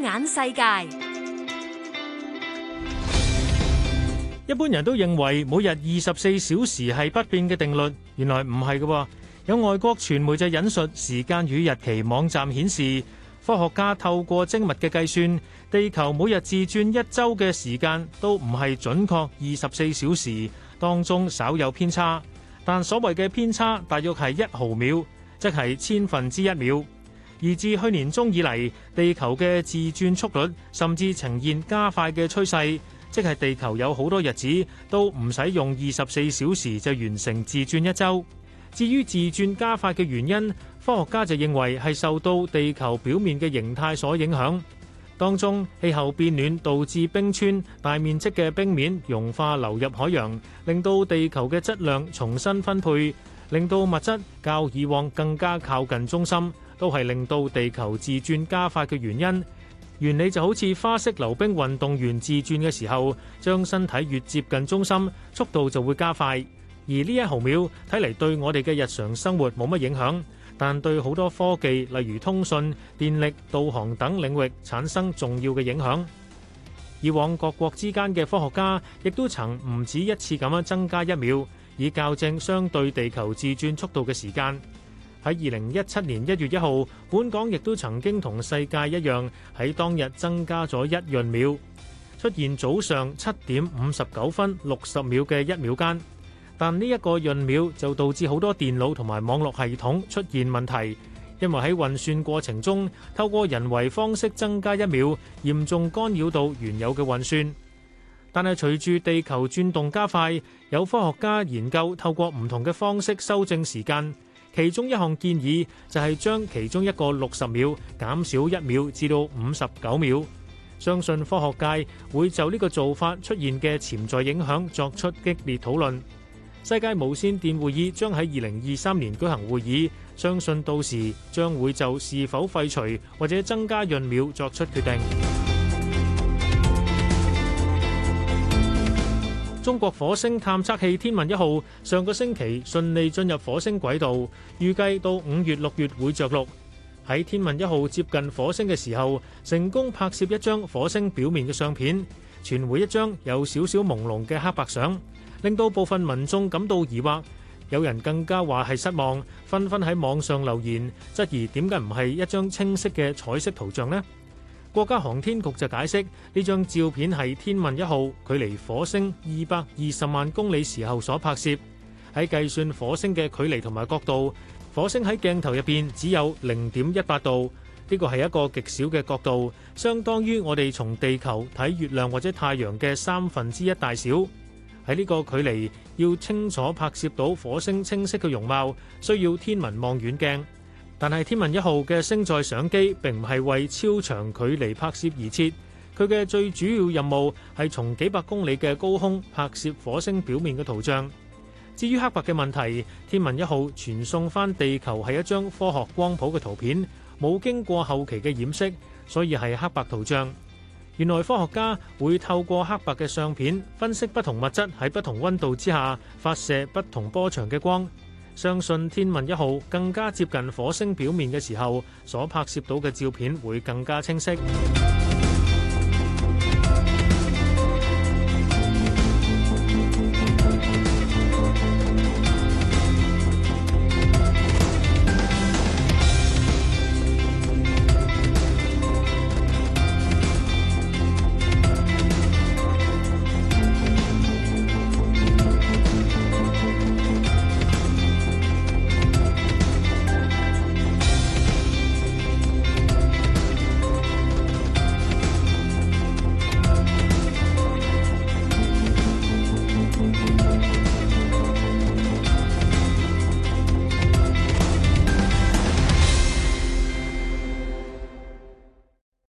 眼世界，一般人都認為每日二十四小時係不變嘅定律，原來唔係嘅。有外國傳媒就引述時間與日期網站顯示，科學家透過精密嘅計算，地球每日自轉一周嘅時間都唔係準確二十四小時，當中稍有偏差。但所謂嘅偏差大約係一毫秒，即係千分之一秒。而自去年中以嚟，地球嘅自轉速率甚至呈現加快嘅趨勢，即係地球有好多日子都唔使用二十四小時就完成自轉一周。至於自轉加快嘅原因，科學家就認為係受到地球表面嘅形態所影響，當中氣候變暖導致冰川大面積嘅冰面融化流入海洋，令到地球嘅質量重新分配。令到物質較以往更加靠近中心，都係令到地球自轉加快嘅原因。原理就好似花式溜冰運動員自轉嘅時候，將身體越接近中心，速度就會加快。而呢一毫秒睇嚟對我哋嘅日常生活冇乜影響，但對好多科技，例如通訊、電力、導航等領域產生重要嘅影響。以往各國之間嘅科學家亦都曾唔止一次咁樣增加一秒。以校正相對地球自轉速度嘅時間。喺二零一七年一月一號，本港亦都曾經同世界一樣，喺當日增加咗一閏秒，出現早上七點五十九分六十秒嘅一秒間。但呢一個閏秒就導致好多電腦同埋網絡系統出現問題，因為喺運算過程中透過人為方式增加一秒，嚴重干擾到原有嘅運算。但係隨住地球轉動加快，有科學家研究透過唔同嘅方式修正時間。其中一項建議就係將其中一個六十秒減少一秒至到五十九秒。相信科學界會就呢個做法出現嘅潛在影響作出激烈討論。世界無線電會議將喺二零二三年舉行會議，相信到時將會就是否廢除或者增加閏秒作出決定。中國火星探測器天問一號上個星期順利進入火星軌道，預計到五月六月會着陸。喺天問一號接近火星嘅時候，成功拍攝一張火星表面嘅相片，傳回一張有少少朦朧嘅黑白相，令到部分民眾感到疑惑，有人更加話係失望，紛紛喺網上留言質疑，點解唔係一張清晰嘅彩色圖像呢？國家航天局就解釋呢張照片係天問一號距離火星二百二十萬公里時候所拍攝。喺計算火星嘅距離同埋角度，火星喺鏡頭入邊只有零點一八度，呢個係一個極小嘅角度，相當於我哋從地球睇月亮或者太陽嘅三分之一大小。喺呢個距離要清楚拍攝到火星清晰嘅容貌，需要天文望遠鏡。但係天問一號嘅星載相機並唔係為超長距離拍攝而設，佢嘅最主要任務係從幾百公里嘅高空拍攝火星表面嘅圖像。至於黑白嘅問題，天問一號傳送返地球係一張科學光譜嘅圖片，冇經過後期嘅掩飾，所以係黑白圖像。原來科學家會透過黑白嘅相片分析不同物質喺不同温度之下發射不同波長嘅光。相信天問一號更加接近火星表面嘅時候，所拍攝到嘅照片會更加清晰。